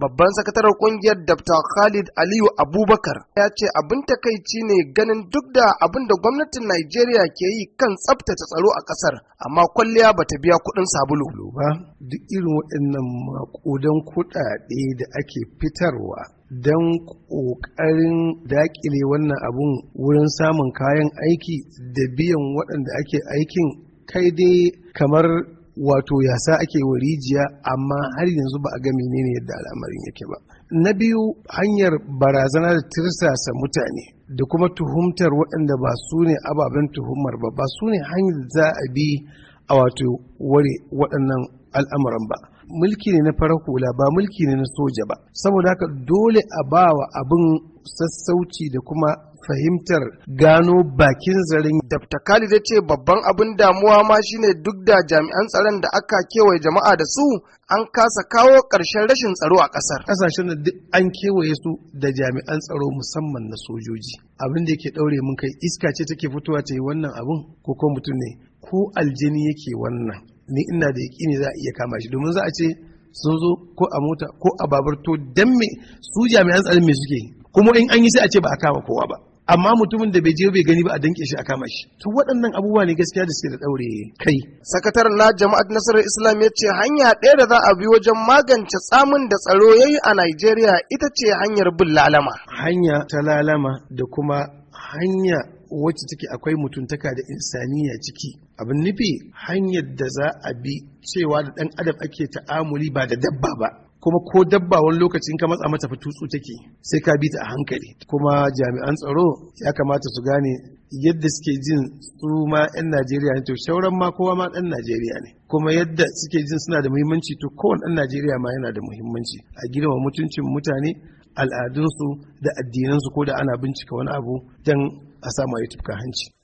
Babban sakataren kungiyar Dr. Khalid Aliyu Abubakar ya ce abin takaici ne ganin duk da abin da gwamnatin Najeriya ke yi kan tsaftace tsaro a kasar amma kwalliya ba ta biya kuɗin sabulu. Ba duk irin waɗannan maƙudan kuɗaɗe da ake fitarwa don ƙoƙarin daƙile wannan abun wurin samun kayan aiki da biyan waɗanda ake aikin kai dai kamar wato yasa ake wa rijiya amma har yanzu ba a ga menene yadda al'amarin yake ba na biyu hanyar barazana da tirsasa mutane da kuma tuhumtar waɗanda ba su ne ababen tuhumar ba ba su ne hanyar za a bi a wato ware waɗannan al'amuran ba mulki ne na farar hula ba mulki ne na soja ba saboda haka dole a bawa abin sassauci da kuma fahimtar gano bakin zarin Dr. khalid ya ce babban abin damuwa ma shine duk da jami'an tsaron da aka kewaye jama'a da su an kasa kawo ƙarshen rashin tsaro a ƙasar ƙasashen da duk an kewaye su da jami'an tsaro musamman na sojoji abin da yake ɗaure mun kai iska ce take fitowa ta yi wannan abin ko ko mutum ne ko aljini yake wannan ni ina da yaƙini za a iya kama shi domin za a ce sun zo ko a mota ko a babur to dan me su jami'an tsaron me suke kuma in an yi sai a ce ba a kama kowa ba amma mutumin da bai je bai gani ba a danke shi a kama shi to waɗannan abubuwa ne gaskiya da suke da ɗaure kai sakataren na jama'at nasarar islam ya ce hanya ɗaya da za a bi wajen magance tsamin da tsaro ya yi a Najeriya ita ce hanyar bin lalama hanya ta lalama da kuma hanya wacce take akwai mutuntaka da insaniya ciki abin nufi hanyar da za a bi cewa da ɗan adam ake ta'amuli ba da dabba ba kuma ko dabba wani lokacin ka matsa mata fitutsu take sai ka bi ta a hankali kuma jami'an tsaro ya kamata su gane yadda suke jin su ma 'yan Najeriya ne to shauran ma kowa ma ɗan Najeriya ne kuma yadda suke jin suna da muhimmanci to kowane ɗan Najeriya ma yana da muhimmanci a girma mutuncin mutane al'adunsu da addinansu ko da ana bincika wani abu don a samu a yi hanci.